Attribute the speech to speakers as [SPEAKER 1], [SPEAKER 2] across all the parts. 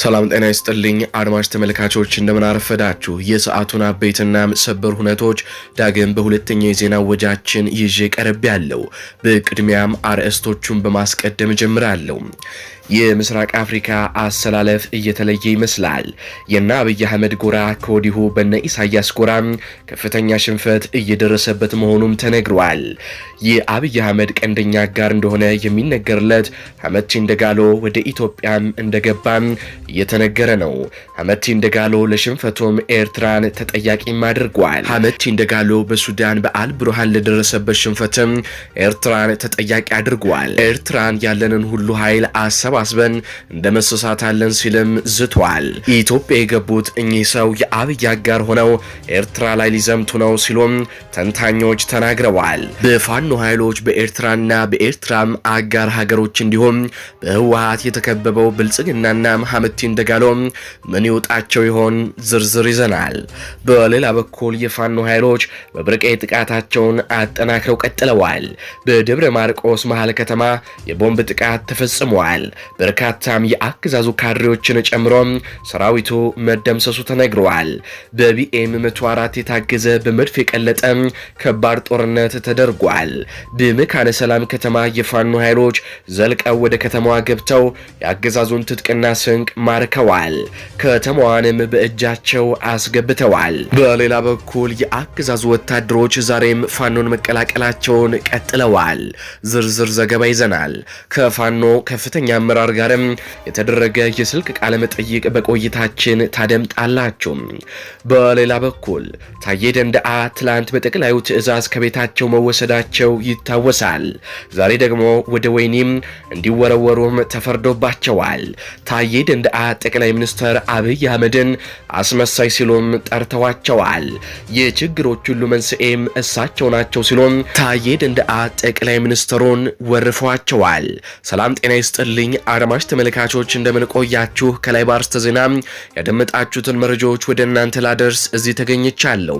[SPEAKER 1] ሰላም ጤና ይስጥልኝ አድማጭ ተመልካቾች፣ እንደምን አረፈዳችሁ። የሰዓቱን አበይትና ሰበር ሁነቶች ዳግም በሁለተኛ የዜና ወጃችን ይዤ ቀረብ ያለው። በቅድሚያም አርዕስቶቹን በማስቀደም ጀምራለሁ። የምስራቅ አፍሪካ አሰላለፍ እየተለየ ይመስላል። የነ አብይ አህመድ ጎራ ከወዲሁ በነ ኢሳያስ ጎራ ከፍተኛ ሽንፈት እየደረሰበት መሆኑም ተነግሯል። የአብይ አህመድ ቀንደኛ አጋር እንደሆነ የሚነገርለት አመቺ እንደጋሎ ወደ ኢትዮጵያም እንደገባም እየተነገረ ነው። አመቺ እንደጋሎ ለሽንፈቱም ኤርትራን ተጠያቂም አድርጓል። አመቺ እንደጋሎ በሱዳን በአል ብርሃን ለደረሰበት ሽንፈትም ኤርትራን ተጠያቂ አድርጓል። ኤርትራን ያለንን ሁሉ ኃይል አሰባ መሰሳት እንደመሰሳታለን ሲልም ዝቷል። ኢትዮጵያ የገቡት እኚህ ሰው የአብይ አጋር ሆነው ኤርትራ ላይ ሊዘምቱ ነው ሲሉም ተንታኞች ተናግረዋል። በፋኖ ኃይሎች በኤርትራና በኤርትራም አጋር ሀገሮች እንዲሁም በህወሀት የተከበበው ብልጽግናና ሐመቲ እንደጋሎም ምን ይውጣቸው ይሆን? ዝርዝር ይዘናል። በሌላ በኩል የፋኖ ኃይሎች በብርቄ ጥቃታቸውን አጠናክረው ቀጥለዋል። በደብረ ማርቆስ መሀል ከተማ የቦምብ ጥቃት ተፈጽሟል። በርካታም የአገዛዙ ካድሬዎችን ጨምሮ ሰራዊቱ መደምሰሱ ተነግረዋል። በቢኤም 104 የታገዘ በመድፍ የቀለጠ ከባድ ጦርነት ተደርጓል። በመካነ ሰላም ከተማ የፋኖ ኃይሎች ዘልቀው ወደ ከተማዋ ገብተው የአገዛዙን ትጥቅና ስንቅ ማርከዋል። ከተማዋንም በእጃቸው አስገብተዋል። በሌላ በኩል የአገዛዙ ወታደሮች ዛሬም ፋኖን መቀላቀላቸውን ቀጥለዋል። ዝርዝር ዘገባ ይዘናል። ከፋኖ ከፍተኛ አመራር ጋርም የተደረገ የስልክ ቃለ መጠይቅ በቆይታችን ታደምጣላችሁ። በሌላ በኩል ታዬ ደንደዓ ትላንት በጠቅላዩ ትዕዛዝ ከቤታቸው መወሰዳቸው ይታወሳል። ዛሬ ደግሞ ወደ ወይኒም እንዲወረወሩም ተፈርዶባቸዋል። ታዬ ደንደዓ ጠቅላይ ሚኒስትር አብይ አህመድን አስመሳይ ሲሉም ጠርተዋቸዋል። የችግሮች ሁሉ መንስኤም እሳቸው ናቸው ሲሉም ታዬ ደንደዓ ጠቅላይ ሚኒስትሩን ወርፈዋቸዋል። ሰላም ጤና ይስጥልኝ አድማሽ ተመልካቾች እንደምንቆያችሁ ከላይ ባርስተ ዜና ያደመጣችሁትን መረጃዎች ወደ እናንተ ላደርስ እዚህ ተገኝቻለሁ።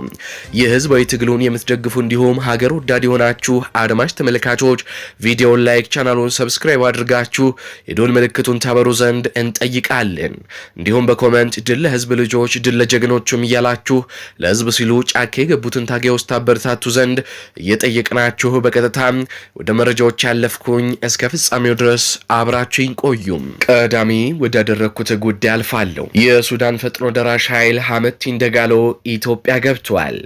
[SPEAKER 1] የህዝባዊ ትግሉን የምትደግፉ እንዲሁም ሀገር ወዳድ የሆናችሁ አድማሽ ተመልካቾች ቪዲዮን ላይክ፣ ቻናሉን ሰብስክራይብ አድርጋችሁ የዶል ምልክቱን ታበሩ ዘንድ እንጠይቃለን። እንዲሁም በኮመንት ድል ለህዝብ ልጆች ድል ለጀግኖቹም እያላችሁ ለህዝብ ሲሉ ጫካ የገቡትን ታጋዮች ታበረታቱ ዘንድ እየጠየቅናችሁ በቀጥታ ወደ መረጃዎች ያለፍኩኝ እስከ ፍጻሜው ድረስ አብራችሁ ቆዩም። ቀዳሚ ወዳደረግኩት ጉዳይ አልፋለሁ። የሱዳን ፈጥኖ ደራሽ ኃይል ሐመቲ እንደጋሎ ኢትዮጵያ ገብቷል።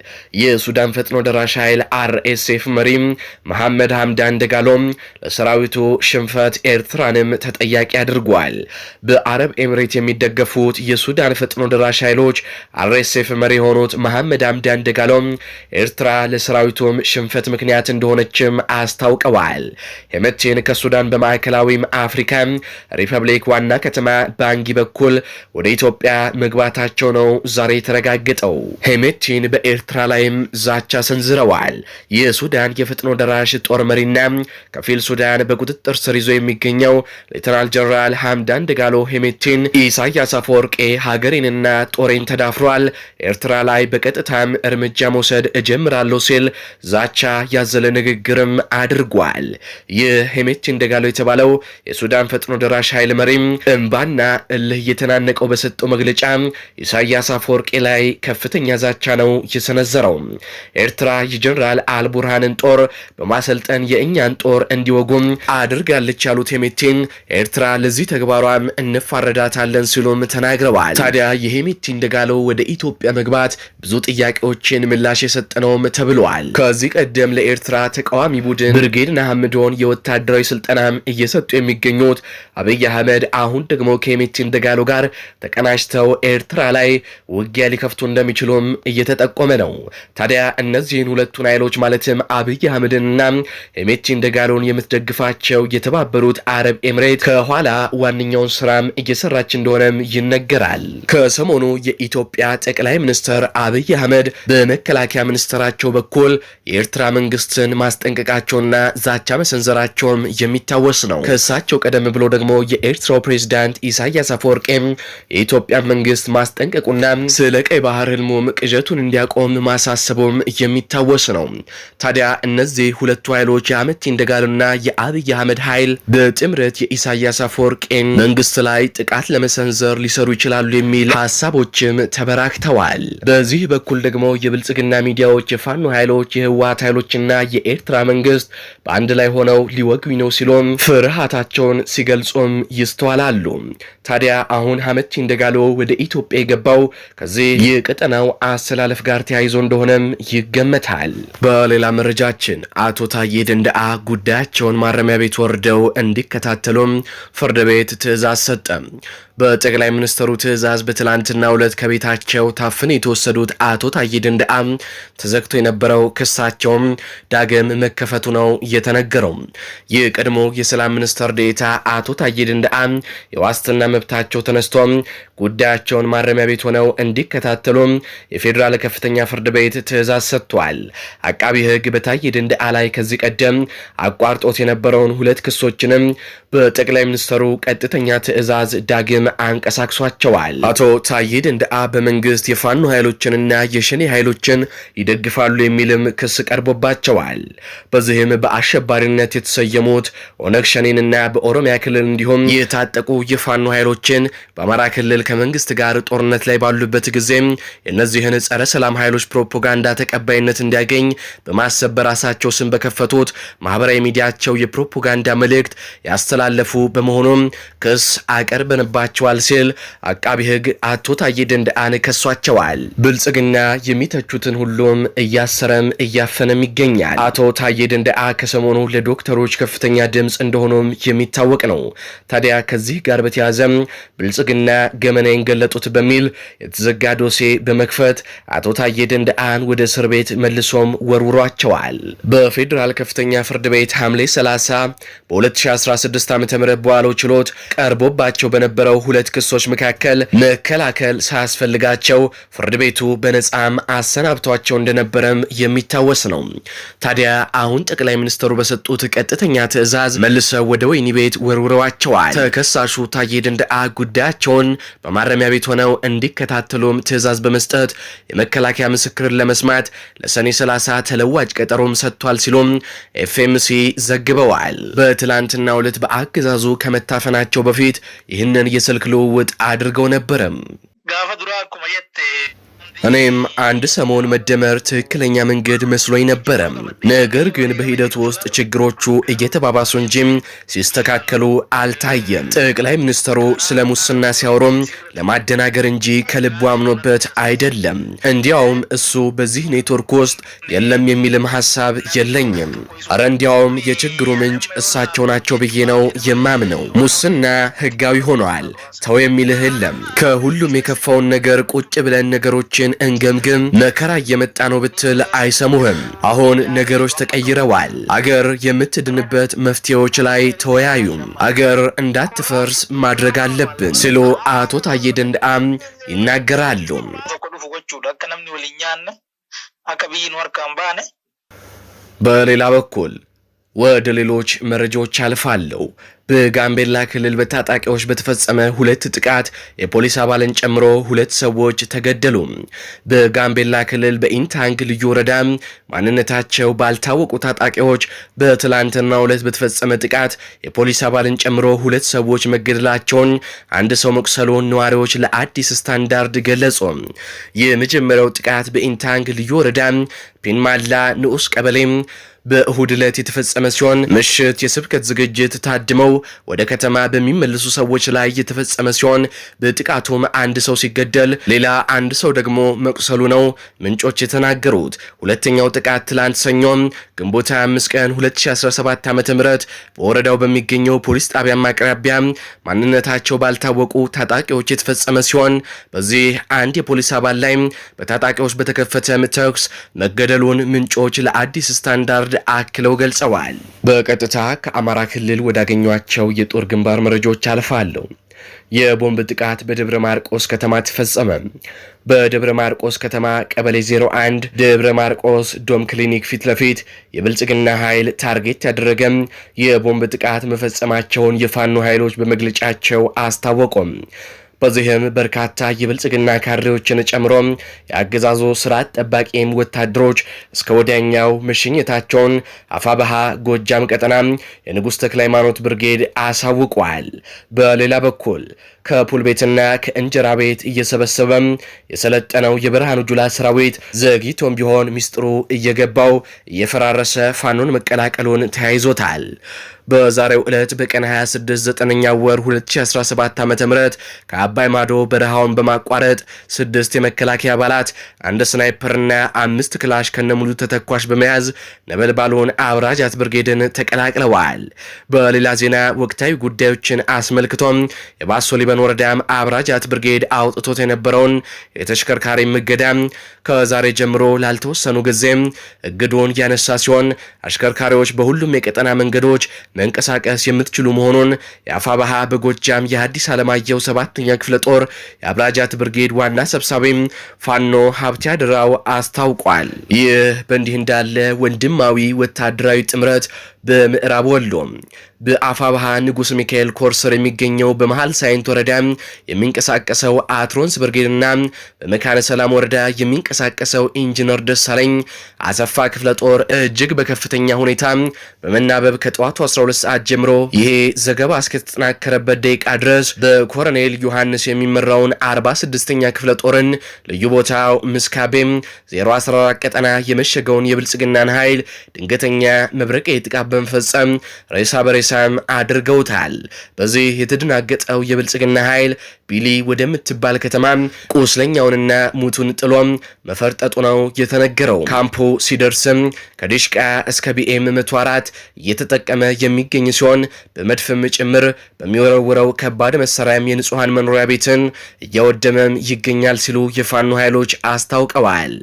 [SPEAKER 1] የሱዳን ፈጥኖ ደራሽ ኃይል አርኤስኤፍ መሪም መሐመድ ሀምዳ እንደጋሎም ለሰራዊቱ ሽንፈት ኤርትራንም ተጠያቂ አድርጓል። በአረብ ኤምሬት የሚደገፉት የሱዳን ፈጥኖ ደራሽ ኃይሎች አርኤስኤፍ መሪ የሆኑት መሐመድ ሀምዳ ደጋሎም ኤርትራ ለሰራዊቱም ሽንፈት ምክንያት እንደሆነችም አስታውቀዋል። ሄመቲን ከሱዳን በማዕከላዊም አፍሪካም ሪፐብሊክ ዋና ከተማ ባንጊ በኩል ወደ ኢትዮጵያ መግባታቸው ነው ዛሬ የተረጋገጠው። ሄሜቲን በኤርትራ ላይም ዛቻ ሰንዝረዋል። የሱዳን የፍጥኖ ደራሽ ጦር መሪና ከፊል ሱዳን በቁጥጥር ስር ይዞ የሚገኘው ሌተናል ጀነራል ሐምዳን ደጋሎ ሄሜቲን ኢሳያስ አፈወርቄ ሀገሬንና ጦሬን ተዳፍሯል፣ ኤርትራ ላይ በቀጥታም እርምጃ መውሰድ እጀምራለሁ ሲል ዛቻ ያዘለ ንግግርም አድርጓል። ይህ ሄሜቲን ደጋሎ የተባለው የሱዳን ፈጥኖ ደራሽ ኃይል መሪም እምባና እልህ እየተናነቀው በሰጠው መግለጫ ኢሳያስ አፈወርቄ ላይ ከፍተኛ ዛቻ ነው የሰነዘረው። ኤርትራ የጀኔራል አልቡርሃንን ጦር በማሰልጠን የእኛን ጦር እንዲወጉም አድርጋለች ያሉት ሄሜቲን ኤርትራ ለዚህ ተግባሯም እንፋረዳታለን ሲሉም ተናግረዋል። ታዲያ የሄሜቲ እንደጋለው ወደ ኢትዮጵያ መግባት ብዙ ጥያቄዎችን ምላሽ የሰጠ ነውም ተብለዋል። ከዚህ ቀደም ለኤርትራ ተቃዋሚ ቡድን ብርጌድ ንሓመዶን የወታደራዊ ስልጠናም እየሰጡ የሚገኙት አብይ አህመድ አሁን ደግሞ ከሚቲን ደጋሎ ጋር ተቀናጅተው ኤርትራ ላይ ውጊያ ሊከፍቱ እንደሚችሉም እየተጠቆመ ነው። ታዲያ እነዚህን ሁለቱን ኃይሎች ማለትም አብይ አህመድንና ሄሜቲን ደጋሎን የምትደግፋቸው የተባበሩት አረብ ኤምሬት ከኋላ ዋነኛውን ስራም እየሰራች እንደሆነም ይነገራል። ከሰሞኑ የኢትዮጵያ ጠቅላይ ሚኒስትር አብይ አህመድ በመከላከያ ሚኒስትራቸው በኩል የኤርትራ መንግስትን ማስጠንቀቃቸውና ዛቻ መሰንዘራቸውም የሚታወስ ነው። ከእሳቸው ቀደም ብሎ ተከትሎ ደግሞ የኤርትራው ፕሬዚዳንት ኢሳያስ አፈወርቄ የኢትዮጵያ መንግስት ማስጠንቀቁና ስለ ቀይ ባህር ህልሙም ቅዠቱን እንዲያቆም ማሳሰቡም የሚታወስ ነው። ታዲያ እነዚህ ሁለቱ ኃይሎች የአመት ይንደጋሉና የአብይ አህመድ ኃይል በጥምረት የኢሳያስ አፈወርቄን መንግስት ላይ ጥቃት ለመሰንዘር ሊሰሩ ይችላሉ የሚል ሀሳቦችም ተበራክተዋል። በዚህ በኩል ደግሞ የብልጽግና ሚዲያዎች የፋኖ ኃይሎች፣ የህወሀት ኃይሎችና የኤርትራ መንግስት በአንድ ላይ ሆነው ሊወግኝ ነው ሲሎም ፍርሃታቸውን ሲ ሲገልጹም ይስተዋላሉ። ታዲያ አሁን ሀመቲ እንደጋሎ ወደ ኢትዮጵያ የገባው ከዚህ የቀጠናው አሰላለፍ ጋር ተያይዞ እንደሆነም ይገመታል። በሌላ መረጃችን አቶ ታዬ ደንደአ ጉዳያቸውን ማረሚያ ቤት ወርደው እንዲከታተሉም ፍርድ ቤት ትዕዛዝ ሰጠ። በጠቅላይ ሚኒስትሩ ትዕዛዝ በትላንትና ዕለት ከቤታቸው ታፍን የተወሰዱት አቶ ታዬ ደንደአ ተዘግቶ የነበረው ክሳቸውም ዳግም መከፈቱ ነው የተነገረው። የቀድሞ የሰላም ሚኒስትር ዴኤታ አቶ ታዬ ደንደአ የዋስትና መብታቸው ተነስቶ ጉዳያቸውን ማረሚያ ቤት ሆነው እንዲከታተሉ የፌዴራል ከፍተኛ ፍርድ ቤት ትዕዛዝ ሰጥቷል። አቃቢ ሕግ በታዬ ደንደአ ላይ ከዚህ ቀደም አቋርጦት የነበረውን ሁለት ክሶችንም በጠቅላይ ሚኒስትሩ ቀጥተኛ ትዕዛዝ ዳግም ወደዚህም አንቀሳቅሷቸዋል። አቶ ታዬ ደንደአ በመንግስት የፋኖ ኃይሎችንና የሸኔ ኃይሎችን ይደግፋሉ የሚልም ክስ ቀርቦባቸዋል። በዚህም በአሸባሪነት የተሰየሙት ኦነግ ሸኔንና በኦሮሚያ ክልል እንዲሁም የታጠቁ የፋኖ ኃይሎችን በአማራ ክልል ከመንግስት ጋር ጦርነት ላይ ባሉበት ጊዜም የእነዚህን ጸረ ሰላም ኃይሎች ፕሮፓጋንዳ ተቀባይነት እንዲያገኝ በማሰብ በራሳቸው ስም በከፈቱት ማህበራዊ ሚዲያቸው የፕሮፓጋንዳ መልእክት ያስተላለፉ በመሆኑም ክስ አቀርበንባቸው ተከፍቶባቸዋል ሲል አቃቢ ህግ አቶ ታዬ ደንደአን ከሷቸዋል። ብልጽግና የሚተቹትን ሁሉም እያሰረም እያፈነም ይገኛል። አቶ ታዬ ደንደአ ከሰሞኑ ለዶክተሮች ከፍተኛ ድምፅ እንደሆኑም የሚታወቅ ነው። ታዲያ ከዚህ ጋር በተያዘም ብልጽግና ገመና ገለጡት በሚል የተዘጋ ዶሴ በመክፈት አቶ ታዬ ደንደአን ወደ እስር ቤት መልሶም ወርውሯቸዋል። በፌዴራል ከፍተኛ ፍርድ ቤት ሐምሌ 30 በ2016 ዓ ም በዋለው ችሎት ቀርቦባቸው በነበረው ሁለት ክሶች መካከል መከላከል ሳያስፈልጋቸው ፍርድ ቤቱ በነጻም አሰናብቷቸው እንደነበረም የሚታወስ ነው። ታዲያ አሁን ጠቅላይ ሚኒስትሩ በሰጡት ቀጥተኛ ትዕዛዝ መልሰው ወደ ወህኒ ቤት ወርውረዋቸዋል። ተከሳሹ ታዬ ደንደዓ ጉዳያቸውን በማረሚያ ቤት ሆነው እንዲከታተሉም ትዕዛዝ በመስጠት የመከላከያ ምስክርን ለመስማት ለሰኔ 30 ተለዋጭ ቀጠሮም ሰጥቷል ሲሉም ኤፍኤምሲ ዘግበዋል። በትላንትና ዕለት በአገዛዙ ከመታፈናቸው በፊት ይህንን ስልክ ልውውጥ አድርገው ነበረም። እኔም አንድ ሰሞን መደመር ትክክለኛ መንገድ መስሎኝ ነበረ። ነገር ግን በሂደቱ ውስጥ ችግሮቹ እየተባባሱ እንጂ ሲስተካከሉ አልታየም። ጠቅላይ ሚኒስትሩ ስለ ሙስና ሲያወሩም ለማደናገር እንጂ ከልቡ አምኖበት አይደለም። እንዲያውም እሱ በዚህ ኔትወርክ ውስጥ የለም የሚልም ሀሳብ የለኝም። አረ እንዲያውም የችግሩ ምንጭ እሳቸው ናቸው ብዬ ነው የማምነው። ሙስና ህጋዊ ሆኗል። ተው የሚልህ የለም። ከሁሉም የከፋውን ነገር ቁጭ ብለን ነገሮችን እንገምግም መከራ እየመጣ ነው ብትል አይሰሙህም። አሁን ነገሮች ተቀይረዋል። አገር የምትድንበት መፍትሄዎች ላይ ተወያዩም አገር እንዳትፈርስ ማድረግ አለብን ሲሉ አቶ ታዬ ደንደአም ይናገራሉ። በሌላ በኩል ወደ ሌሎች መረጃዎች አልፋለሁ። በጋምቤላ ክልል በታጣቂዎች በተፈጸመ ሁለት ጥቃት የፖሊስ አባልን ጨምሮ ሁለት ሰዎች ተገደሉ። በጋምቤላ ክልል በኢንታንግ ልዩ ወረዳ ማንነታቸው ባልታወቁ ታጣቂዎች በትላንትናው ዕለት በተፈጸመ ጥቃት የፖሊስ አባልን ጨምሮ ሁለት ሰዎች መገደላቸውን፣ አንድ ሰው መቁሰሉን ነዋሪዎች ለአዲስ ስታንዳርድ ገለጹ። የመጀመሪያው ጥቃት በኢንታንግ ልዩ ወረዳ ፒንማላ ንዑስ ቀበሌ በእሁድ ዕለት የተፈጸመ ሲሆን ምሽት የስብከት ዝግጅት ታድመው ወደ ከተማ በሚመልሱ ሰዎች ላይ የተፈጸመ ሲሆን በጥቃቱም አንድ ሰው ሲገደል ሌላ አንድ ሰው ደግሞ መቁሰሉ ነው ምንጮች የተናገሩት። ሁለተኛው ጥቃት ትላንት ሰኞም ግንቦት 25 ቀን 2017 ዓ ም በወረዳው በሚገኘው ፖሊስ ጣቢያ አቅራቢያ ማንነታቸው ባልታወቁ ታጣቂዎች የተፈጸመ ሲሆን በዚህ አንድ የፖሊስ አባል ላይ በታጣቂዎች በተከፈተ ተኩስ መገደሉን ምንጮች ለአዲስ ስታንዳርድ ሪቻርድ አክለው ገልጸዋል። በቀጥታ ከአማራ ክልል ወዳገኟቸው የጦር ግንባር መረጃዎች አልፋለሁ። የቦምብ ጥቃት በደብረ ማርቆስ ከተማ ተፈጸመ። በደብረ ማርቆስ ከተማ ቀበሌ 01 ደብረ ማርቆስ ዶም ክሊኒክ ፊት ለፊት የብልጽግና ኃይል ታርጌት ያደረገም የቦምብ ጥቃት መፈጸማቸውን የፋኖ ኃይሎች በመግለጫቸው አስታወቁም። በዚህም በርካታ የብልጽግና ካድሬዎችን ጨምሮ የአገዛዙ ስርዓት ጠባቂም ወታደሮች እስከ ወዲያኛው መሸኘታቸውን አፋበሃ ጎጃም ቀጠና የንጉሥ ተክለ ሃይማኖት ብርጌድ አሳውቋል። በሌላ በኩል ከፑል ቤትና ከእንጀራ ቤት እየሰበሰበ የሰለጠነው የብርሃኑ ጁላ ሰራዊት ዘግይቶም ቢሆን ሚስጥሩ እየገባው እየፈራረሰ ፋኖን መቀላቀሉን ተያይዞታል። በዛሬው ዕለት በቀን 26 9 ወር 2017 ዓ ም ከአባይ ማዶ በረሃውን በማቋረጥ ስድስት የመከላከያ አባላት አንድ ስናይፐርና አምስት ክላሽ ከነሙሉ ተተኳሽ በመያዝ ነበልባሉን አብራጅ አትብርጌድን ተቀላቅለዋል። በሌላ ዜና ወቅታዊ ጉዳዮችን አስመልክቶም የባሶ ሊበን ወረዳም አብራጅ አትብርጌድ አውጥቶት የነበረውን የተሽከርካሪ እገዳ ከዛሬ ጀምሮ ላልተወሰኑ ጊዜም እግዱን ያነሳ ሲሆን አሽከርካሪዎች በሁሉም የቀጠና መንገዶች መንቀሳቀስ የምትችሉ መሆኑን የአፋ ባሃ በጎጃም የሐዲስ ዓለማየሁ ሰባተኛ ክፍለ ጦር የአብራጃት ብርጌድ ዋና ሰብሳቢም ፋኖ ሀብቴ አድራው አስታውቋል። ይህ በእንዲህ እንዳለ ወንድማዊ ወታደራዊ ጥምረት በምዕራብ ወሎ በአፋብሃ ንጉስ ሚካኤል ኮርሰር የሚገኘው በመሃል ሳይንት ወረዳ የሚንቀሳቀሰው አትሮንስ ብርጌድና በመካነ ሰላም ወረዳ የሚንቀሳቀሰው ኢንጂነር ደሳለኝ አሰፋ ክፍለ ጦር እጅግ በከፍተኛ ሁኔታ በመናበብ ከጠዋቱ 12 ሰዓት ጀምሮ ይሄ ዘገባ እስከተጠናከረበት ደቂቃ ድረስ በኮረኔል ዮሐንስ የሚመራውን 46ኛ ክፍለ ጦርን ልዩ ቦታው ምስካቤም 014 ቀጠና የመሸገውን የብልጽግናን ኃይል ድንገተኛ መብረቅ የጥቃት በመፈጸም ሬሳ በሬ ሬሳም አድርገውታል። በዚህ የተደናገጠው የብልጽግና ኃይል ቢሊ ወደምትባል ከተማ ቁስለኛውንና ሙቱን ጥሎም መፈርጠጡ ነው የተነገረው። ካምፑ ሲደርስም ከዲሽቃ እስከ ቢኤም 104 እየተጠቀመ የሚገኝ ሲሆን በመድፍም ጭምር በሚወረውረው ከባድ መሳሪያም የንጹሐን መኖሪያ ቤትን እያወደመም ይገኛል ሲሉ የፋኖ ኃይሎች አስታውቀዋል።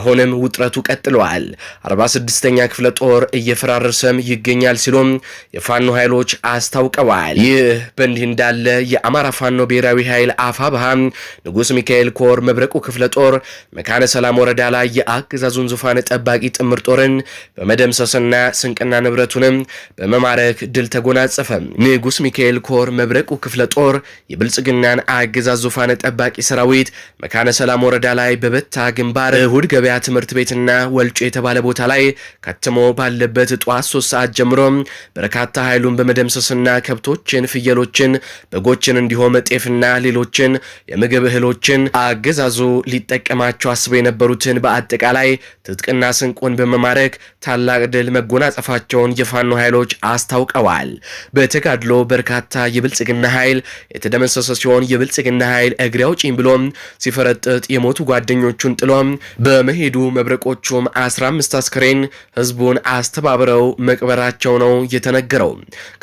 [SPEAKER 1] አሁንም ውጥረቱ ቀጥለዋል። 46ኛ ክፍለ ጦር እየፈራረሰም ይገኛል ሲሉም የፋኖ ኃይሎች አስታውቀዋል። ይህ በእንዲህ እንዳለ የአማራ ፋኖ ብሔራዊ ኃይል አፋብሃ ንጉስ ሚካኤል ኮር መብረቁ ክፍለ ጦር መካነ ሰላም ወረዳ ላይ የአገዛዙን ዙፋን ጠባቂ ጥምር ጦርን በመደምሰስና ስንቅና ንብረቱንም በመማረክ ድል ተጎናጸፈ። ንጉስ ሚካኤል ኮር መብረቁ ክፍለ ጦር የብልጽግናን አገዛዝ ዙፋን ጠባቂ ሰራዊት መካነ ሰላም ወረዳ ላይ በበታ ግንባር እሁድ ገበያ ትምህርት ቤትና ወልጮ የተባለ ቦታ ላይ ከትሞ ባለበት ጠዋት ሶስት ሰዓት ጀምሮ በርካታ ኃይል ኃይሉን በመደምሰስና ከብቶችን፣ ፍየሎችን፣ በጎችን እንዲሁም ጤፍና ሌሎችን የምግብ እህሎችን አገዛዙ ሊጠቀማቸው አስበው የነበሩትን በአጠቃላይ ትጥቅና ስንቁን በመማረክ ታላቅ ድል መጎናጸፋቸውን የፋኖ ኃይሎች አስታውቀዋል። በተጋድሎ በርካታ የብልጽግና ኃይል የተደመሰሰ ሲሆን የብልጽግና ኃይል እግሬ አውጪኝ ብሎም ሲፈረጥጥ የሞቱ ጓደኞቹን ጥሎም በመሄዱ መብረቆቹም 15 አስከሬን ህዝቡን አስተባብረው መቅበራቸው ነው የተነገረው።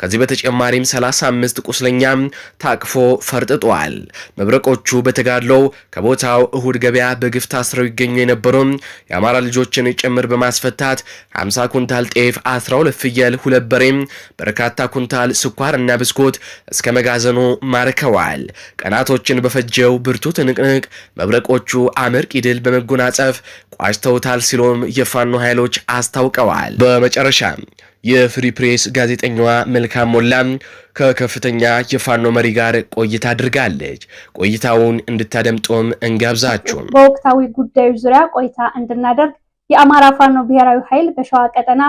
[SPEAKER 1] ከዚህ በተጨማሪም 35 ቁስለኛ ታቅፎ ፈርጥጧል። መብረቆቹ በተጋድለው ከቦታው እሁድ ገበያ በግፍ ታስረው ይገኙ የነበሩ የአማራ ልጆችን ጭምር በማስፈታት 50 ኩንታል ጤፍ፣ 12 ፍየል፣ ሁለት በሬም፣ በርካታ ኩንታል ስኳር እና ብስኩት እስከ መጋዘኑ ማርከዋል። ቀናቶችን በፈጀው ብርቱ ትንቅንቅ መብረቆቹ አመርቂ ድል በመጎናጸፍ ቋጭተውታል ሲሉም የፋኖ ኃይሎች አስታውቀዋል። በመጨረሻ የፍሪ ፕሬስ ጋዜጠኛዋ መልካም ሞላም ከከፍተኛ የፋኖ መሪ ጋር ቆይታ አድርጋለች። ቆይታውን እንድታደምጦም እንጋብዛችሁ።
[SPEAKER 2] በወቅታዊ ጉዳዮች ዙሪያ ቆይታ እንድናደርግ የአማራ ፋኖ ብሔራዊ ኃይል በሸዋ ቀጠና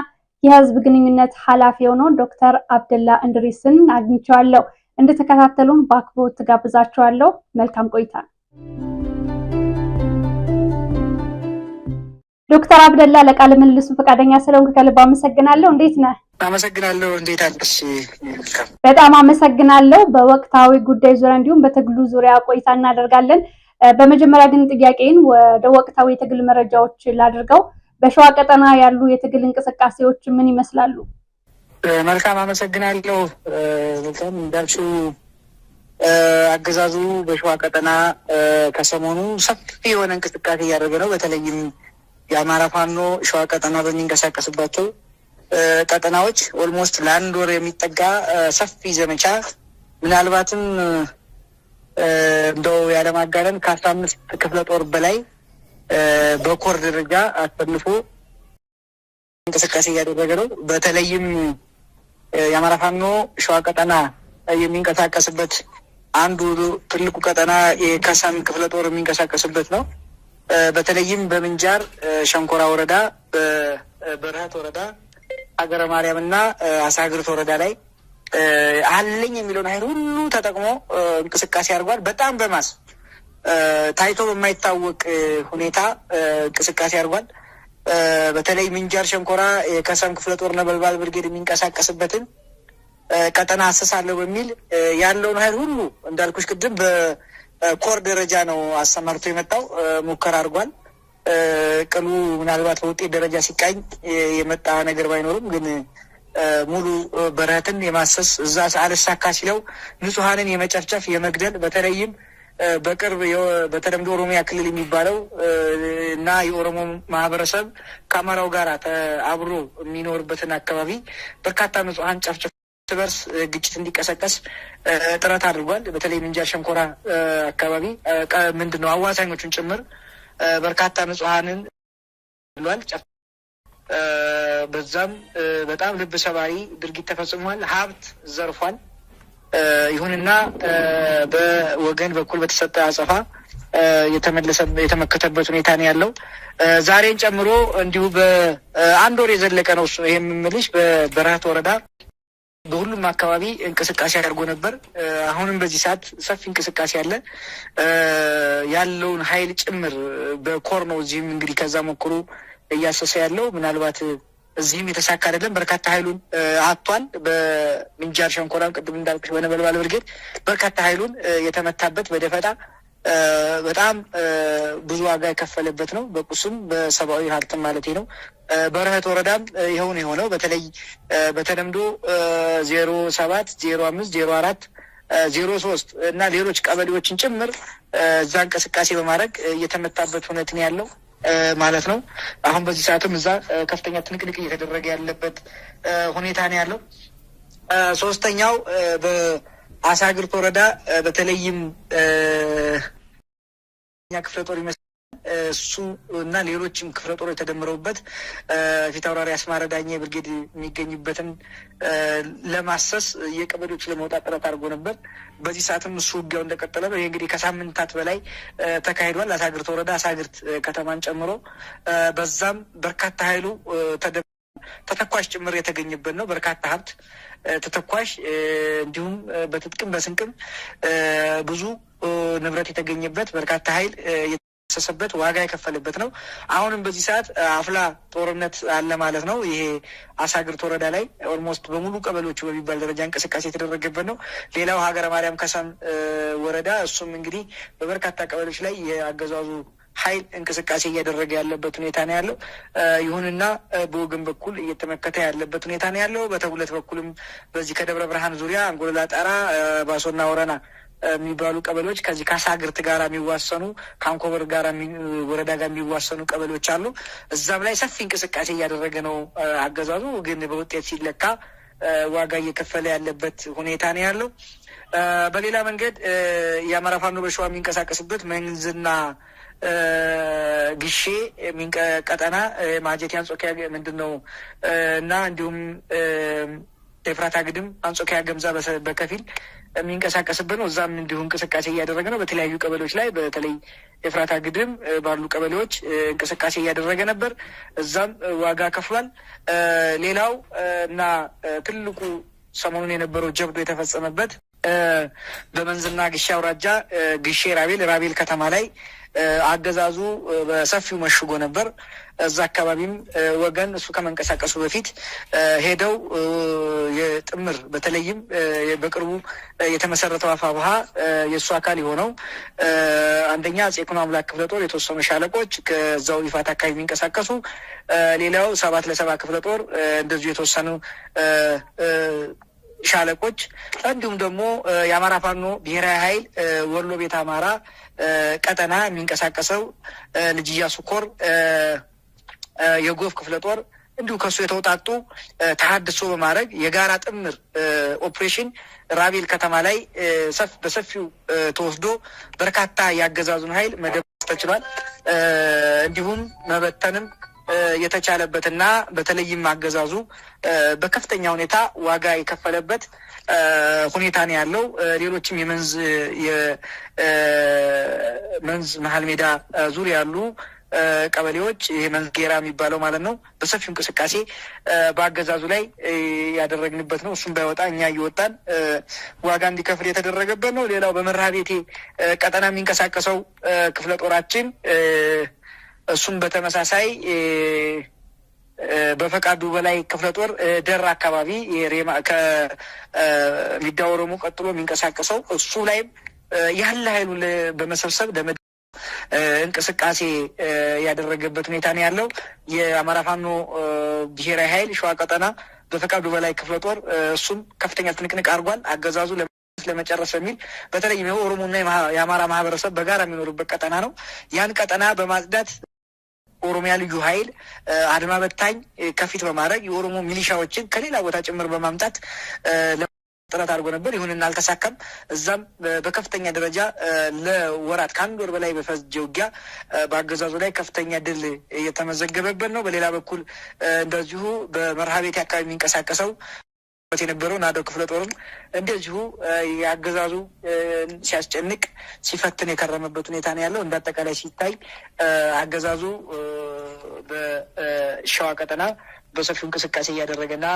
[SPEAKER 2] የህዝብ ግንኙነት ኃላፊ የሆነውን ዶክተር አብደላ እንድሪስን አግኝቸዋለሁ። እንድትከታተሉን በአክብሮት ትጋብዛቸዋለሁ። መልካም ቆይታ። ዶክተር አብደላ ለቃለ ምልልሱ ፈቃደኛ ስለሆንክ ከልብ አመሰግናለሁ። እንዴት ነህ?
[SPEAKER 3] አመሰግናለሁ። እንዴት አዲስ?
[SPEAKER 2] በጣም አመሰግናለሁ። በወቅታዊ ጉዳይ ዙሪያ እንዲሁም በትግሉ ዙሪያ ቆይታ እናደርጋለን። በመጀመሪያ ግን ጥያቄን ወደ ወቅታዊ የትግል መረጃዎች ላድርገው። በሸዋ ቀጠና ያሉ የትግል እንቅስቃሴዎች ምን ይመስላሉ?
[SPEAKER 3] መልካም አመሰግናለሁ። በጣም እንዳልሽው አገዛዙ በሸዋ ቀጠና ከሰሞኑ ሰፊ የሆነ እንቅስቃሴ እያደረገ ነው። በተለይም የአማራ ፋኖ ሸዋ ቀጠና በሚንቀሳቀስባቸው ቀጠናዎች ኦልሞስት ለአንድ ወር የሚጠጋ ሰፊ ዘመቻ ምናልባትም እንደው ያለማጋነን ከአስራ አምስት ክፍለ ጦር በላይ በኮር ደረጃ አሰንፎ እንቅስቃሴ እያደረገ ነው። በተለይም የአማራ ፋኖ ሸዋ ቀጠና የሚንቀሳቀስበት አንዱ ትልቁ ቀጠና የካሳም ክፍለ ጦር የሚንቀሳቀስበት ነው። በተለይም በምንጃር ሸንኮራ ወረዳ፣ በበረሃት ወረዳ፣ ሀገረ ማርያም እና አሳግርት ወረዳ ላይ አለኝ የሚለውን ኃይል ሁሉ ተጠቅሞ እንቅስቃሴ አድርጓል። በጣም በማስ ታይቶ በማይታወቅ ሁኔታ እንቅስቃሴ አድርጓል። በተለይ ምንጃር ሸንኮራ የከሰም ክፍለ ጦር ነበልባል ብርጌድ የሚንቀሳቀስበትን ቀጠና አሰሳለሁ በሚል ያለውን ኃይል ሁሉ እንዳልኩሽ ቅድም ኮር ደረጃ ነው አሰማርቶ የመጣው። ሙከራ አድርጓል። ቅሉ ምናልባት በውጤት ደረጃ ሲቃኝ የመጣ ነገር ባይኖርም ግን ሙሉ በረትን የማሰስ እዛ አልሳካ ሲለው ንጹሐንን የመጨፍጨፍ የመግደል በተለይም በቅርብ በተለምዶ ኦሮሚያ ክልል የሚባለው እና የኦሮሞ ማህበረሰብ ከአማራው ጋር አብሮ የሚኖርበትን አካባቢ በርካታ ንጹሐን ጨፍጨፍ በርስ ግጭት እንዲቀሰቀስ ጥረት አድርጓል። በተለይ ምንጃር ሸንኮራ አካባቢ ምንድን ነው አዋሳኞቹን ጭምር በርካታ ንጹሐንን ብሏል። በዛም በጣም ልብ ሰባሪ ድርጊት ተፈጽሟል። ሀብት ዘርፏል። ይሁንና በወገን በኩል በተሰጠ አጸፋ የተመከተበት ሁኔታ ነው ያለው። ዛሬን ጨምሮ እንዲሁ በአንድ ወር የዘለቀ ነው ይሄ የምልሽ በበረሃት ወረዳ በሁሉም አካባቢ እንቅስቃሴ አድርጎ ነበር። አሁንም በዚህ ሰዓት ሰፊ እንቅስቃሴ አለ። ያለውን ኃይል ጭምር በኮር ነው እዚህም እንግዲህ ከዛ ሞክሮ እያሰሰ ያለው ምናልባት እዚህም የተሳካ አይደለም። በርካታ ኃይሉን አቷል። በምንጃር ሸንኮራም ቅድም እንዳልክ በነበልባል ብርጌድ በርካታ ኃይሉን የተመታበት በደፈጣ በጣም ብዙ ዋጋ የከፈለበት ነው። በቁስም በሰብአዊ ሀብትም ማለት ነው። በረሀት ወረዳም ይኸውን የሆነው በተለይ በተለምዶ ዜሮ ሰባት ዜሮ አምስት ዜሮ አራት ዜሮ ሶስት እና ሌሎች ቀበሌዎችን ጭምር እዛ እንቅስቃሴ በማድረግ እየተመታበት እውነት ነው ያለው ማለት ነው። አሁን በዚህ ሰዓትም እዛ ከፍተኛ ትንቅንቅ እየተደረገ ያለበት ሁኔታ ነው ያለው። ሶስተኛው አሳ አሻግርት ወረዳ በተለይም ክፍለ ጦር ይመስላል እሱ እና ሌሎችም ክፍለ ጦሮች የተደምረውበት ፊት አውራሪ አስማረ ብርጌድ የሚገኝበትን ለማሰስ የቀበሌዎች ለመውጣት ጥረት አድርጎ ነበር። በዚህ ሰዓትም እሱ ውጊያው እንደቀጠለ ነው። ይህ እንግዲህ ከሳምንታት በላይ ተካሂዷል። አሳግርት ወረዳ አሳግርት ከተማን ጨምሮ በዛም በርካታ ኃይሉ ተደ ተተኳሽ ጭምር የተገኘበት ነው። በርካታ ሀብት ተተኳሽ፣ እንዲሁም በትጥቅም በስንቅም ብዙ ንብረት የተገኘበት በርካታ ኃይል የተሰሰበት ዋጋ የከፈለበት ነው። አሁንም በዚህ ሰዓት አፍላ ጦርነት አለ ማለት ነው። ይሄ አሳግርት ወረዳ ላይ ኦልሞስት በሙሉ ቀበሌዎቹ በሚባል ደረጃ እንቅስቃሴ የተደረገበት ነው። ሌላው ሀገረ ማርያም ከሰም ወረዳ እሱም እንግዲህ በበርካታ ቀበሌዎች ላይ የአገዛዙ ኃይል እንቅስቃሴ እያደረገ ያለበት ሁኔታ ነው ያለው። ይሁንና በወገን በኩል እየተመከተ ያለበት ሁኔታ ነው ያለው። በተጉለት በኩልም በዚህ ከደብረ ብርሃን ዙሪያ አንጎላ፣ ጣራ፣ ባሶና ወረና የሚባሉ ቀበሌዎች ከዚህ ከሳግርት ጋር የሚዋሰኑ ከአንኮበር ጋር ወረዳ ጋር የሚዋሰኑ ቀበሌዎች አሉ። እዛም ላይ ሰፊ እንቅስቃሴ እያደረገ ነው አገዛዙ። ግን በውጤት ሲለካ ዋጋ እየከፈለ ያለበት ሁኔታ ነው ያለው። በሌላ መንገድ የአማራ ፋኖ በሸዋ የሚንቀሳቀስበት መንዝና ግሼ ቀጠና ማጀት አንጾኪያ ምንድን ነው እና እንዲሁም ኤፍራታ ግድም አንጾኪያ ገምዛ በከፊል የሚንቀሳቀስበት ነው። እዛም እንዲሁ እንቅስቃሴ እያደረገ ነው። በተለያዩ ቀበሌዎች ላይ በተለይ ኤፍራታ ግድም ባሉ ቀበሌዎች እንቅስቃሴ እያደረገ ነበር። እዛም ዋጋ ከፍሏል። ሌላው እና ትልቁ ሰሞኑን የነበረው ጀብዶ የተፈጸመበት በመንዝና ግሼ አውራጃ ግሼ ራቤል ራቤል ከተማ ላይ አገዛዙ በሰፊው መሽጎ ነበር። እዛ አካባቢም ወገን እሱ ከመንቀሳቀሱ በፊት ሄደው የጥምር በተለይም በቅርቡ የተመሰረተው አፋብሃ የእሱ አካል የሆነው አንደኛ አፄ ኩኖ አምላክ ክፍለ ጦር የተወሰኑ ሻለቆች ከዛው ይፋት አካባቢ የሚንቀሳቀሱ ሌላው ሰባት ለሰባ ክፍለ ጦር እንደዚሁ የተወሰኑ ሻለቆች እንዲሁም ደግሞ የአማራ ፋኖ ብሔራዊ ኃይል ወሎ ቤት አማራ ቀጠና የሚንቀሳቀሰው ልጅ ስኮር ኮር የጎፍ ክፍለ ጦር እንዲሁ ከእሱ የተውጣጡ ተሀድሶ በማድረግ የጋራ ጥምር ኦፕሬሽን ራቤል ከተማ ላይ በሰፊው ተወስዶ በርካታ ያገዛዙን ኃይል መደብ ተችሏል። እንዲሁም መበተንም የተቻለበትና በተለይም አገዛዙ በከፍተኛ ሁኔታ ዋጋ የከፈለበት ሁኔታ ነው ያለው። ሌሎችም የመንዝ የመንዝ መሀል ሜዳ ዙሪያ ያሉ ቀበሌዎች ይሄ መንዝ ጌራ የሚባለው ማለት ነው። በሰፊው እንቅስቃሴ በአገዛዙ ላይ ያደረግንበት ነው። እሱም ባይወጣ እኛ እየወጣን ዋጋ እንዲከፍል የተደረገበት ነው። ሌላው በመርሃ ቤቴ ቀጠና የሚንቀሳቀሰው ክፍለ ጦራችን እሱም በተመሳሳይ በፈቃዱ በላይ ክፍለ ጦር ደር አካባቢ ከሚዳ ኦሮሞ ቀጥሎ የሚንቀሳቀሰው እሱ ላይም ያለ ሀይሉ በመሰብሰብ ደመ እንቅስቃሴ ያደረገበት ሁኔታ ነው ያለው። የአማራ ፋኖ ብሔራዊ ኃይል ሸዋ ቀጠና በፈቃዱ በላይ ክፍለ ጦር እሱም ከፍተኛ ትንቅንቅ አድርጓል። አገዛዙ ለመጨረስ በሚል በተለይም የኦሮሞና የአማራ ማህበረሰብ በጋራ የሚኖሩበት ቀጠና ነው። ያን ቀጠና በማጽዳት ኦሮሚያ ልዩ ኃይል አድማ በታኝ ከፊት በማድረግ የኦሮሞ ሚሊሻዎችን ከሌላ ቦታ ጭምር በማምጣት ጥረት አድርጎ ነበር። ይሁንና አልተሳካም። እዛም በከፍተኛ ደረጃ ለወራት ከአንድ ወር በላይ በፈጀ ውጊያ በአገዛዙ ላይ ከፍተኛ ድል እየተመዘገበበት ነው። በሌላ በኩል እንደዚሁ በመርሃ ቤት አካባቢ የሚንቀሳቀሰው የነበረው ናደው ክፍለ ጦርም እንደዚሁ የአገዛዙ ሲያስጨንቅ ሲፈትን የከረመበት ሁኔታ ነው ያለው። እንዳጠቃላይ ሲታይ አገዛዙ በሸዋ ቀጠና በሰፊው እንቅስቃሴ እያደረገና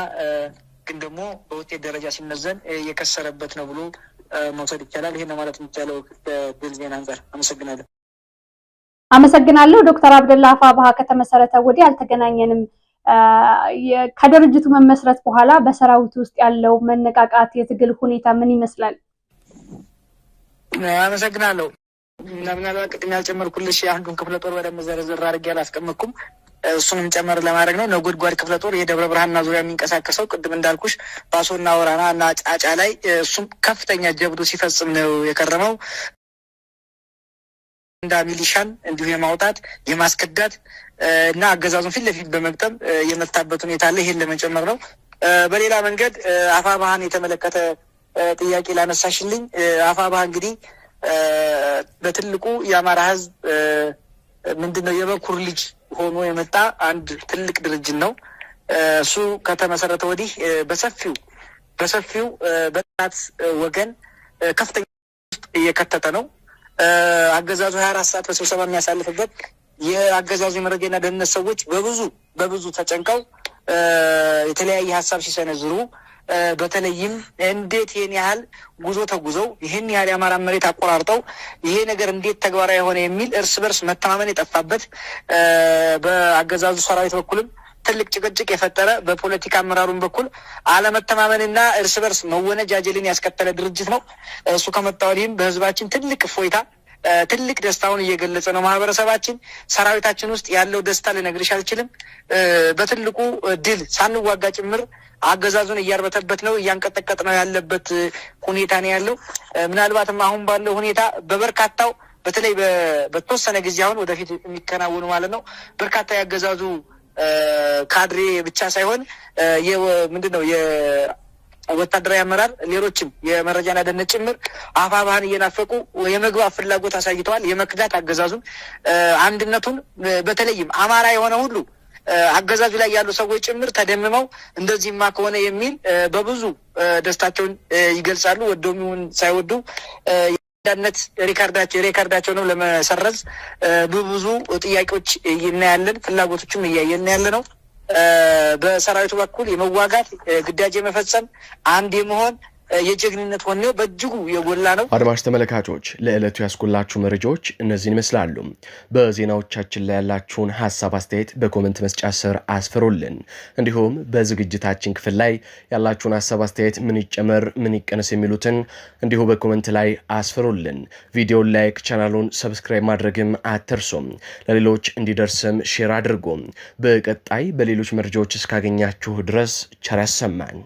[SPEAKER 3] ግን ደግሞ በውጤት ደረጃ ሲመዘን የከሰረበት ነው ብሎ መውሰድ ይቻላል። ይሄ ነው ማለት የሚቻለው። ድል ዜና አንጻር አመሰግናለሁ።
[SPEAKER 2] አመሰግናለሁ ዶክተር አብደላ አፋ ከተመሰረተ ወዲህ አልተገናኘንም። ከድርጅቱ መመስረት በኋላ በሰራዊት ውስጥ ያለው መነቃቃት የትግል ሁኔታ ምን ይመስላል?
[SPEAKER 3] አመሰግናለሁ። ምናልባት ቅድም ያልጨመርኩልሽ አንዱን ክፍለ ጦር በደንብ ዘርዘር አድርጌ አላስቀመጥኩም። እሱንም ጨመር ለማድረግ ነው። ነጎድጓድ ክፍለ ጦር የደብረ ብርሃንና ዙሪያ የሚንቀሳቀሰው ቅድም እንዳልኩሽ ባሶና ወራና እና ጫጫ ላይ እሱም ከፍተኛ ጀብዱ ሲፈጽም ነው የከረመው። እንዳ ሚሊሻን እንዲሁ የማውጣት የማስከዳት እና አገዛዙን ፊት ለፊት በመግጠም የመታበት ሁኔታ አለ። ይሄን ለመጨመር ነው። በሌላ መንገድ ባህን የተመለከተ ጥያቄ ላነሳሽልኝ። ባህ እንግዲህ በትልቁ የአማራ ህዝብ ምንድነው የበኩር ልጅ ሆኖ የመጣ አንድ ትልቅ ድርጅት ነው። እሱ ከተመሰረተ ወዲህ በሰፊው በሰፊው በጥናት ወገን ከፍተኛ ውስጥ እየከተተ ነው። አገዛዙ ሀያ አራት ሰዓት በስብሰባ የሚያሳልፍበት የአገዛዙ የመረጃና ደህንነት ሰዎች በብዙ በብዙ ተጨንቀው የተለያየ ሀሳብ ሲሰነዝሩ በተለይም እንዴት ይህን ያህል ጉዞ ተጉዘው ይህን ያህል የአማራ መሬት አቆራርጠው ይሄ ነገር እንዴት ተግባራዊ የሆነ የሚል እርስ በርስ መተማመን የጠፋበት በአገዛዙ ሰራዊት በኩልም ትልቅ ጭቅጭቅ የፈጠረ በፖለቲካ አመራሩን በኩል አለመተማመንና እርስ በርስ መወነጃጀልን ያስከተለ ድርጅት ነው። እሱ ከመጣ ወዲህም በህዝባችን ትልቅ እፎይታ ትልቅ ደስታውን እየገለጸ ነው። ማህበረሰባችን ሰራዊታችን ውስጥ ያለው ደስታ ልነግርሽ አልችልም። በትልቁ ድል ሳንዋጋ ጭምር አገዛዙን እያርበተበት ነው፣ እያንቀጠቀጥ ነው ያለበት ሁኔታ ነው ያለው። ምናልባትም አሁን ባለው ሁኔታ በበርካታው በተለይ በተወሰነ ጊዜ አሁን ወደፊት የሚከናወኑ ማለት ነው በርካታ ያገዛዙ ካድሬ ብቻ ሳይሆን ምንድን ነው ወታደራዊ አመራር፣ ሌሎችም የመረጃና ደህንነት ጭምር አፋባህን እየናፈቁ የመግባት ፍላጎት አሳይተዋል። የመክዳት አገዛዙን አንድነቱን በተለይም አማራ የሆነ ሁሉ አገዛዙ ላይ ያሉ ሰዎች ጭምር ተደምመው እንደዚህማ ከሆነ የሚል በብዙ ደስታቸውን ይገልጻሉ። ወደሚውን ሳይወዱ ዳነት ሪካርዳቸው ሪካርዳቸውንም ለመሰረዝ ብዙ ጥያቄዎች እናያለን፣ ፍላጎቶችም እያየን ያለ ነው። በሰራዊቱ በኩል የመዋጋት ግዳጅ የመፈጸም አንድ የመሆን የጀግንነት ወኔው በእጅጉ የጎላ ነው።
[SPEAKER 1] አድማሽ ተመልካቾች ለዕለቱ ያስጎላችሁ መረጃዎች እነዚህን ይመስላሉ። በዜናዎቻችን ላይ ያላችሁን ሀሳብ አስተያየት በኮመንት መስጫ ስር አስፍሩልን። እንዲሁም በዝግጅታችን ክፍል ላይ ያላችሁን ሀሳብ አስተያየት፣ ምን ይጨመር፣ ምን ይቀነስ የሚሉትን እንዲሁ በኮመንት ላይ አስፍሩልን። ቪዲዮን ላይክ፣ ቻናሉን ሰብስክራይብ ማድረግም አትርሱም። ለሌሎች እንዲደርስም ሼር አድርጎ በቀጣይ በሌሎች መረጃዎች እስካገኛችሁ ድረስ ቸር ያሰማን።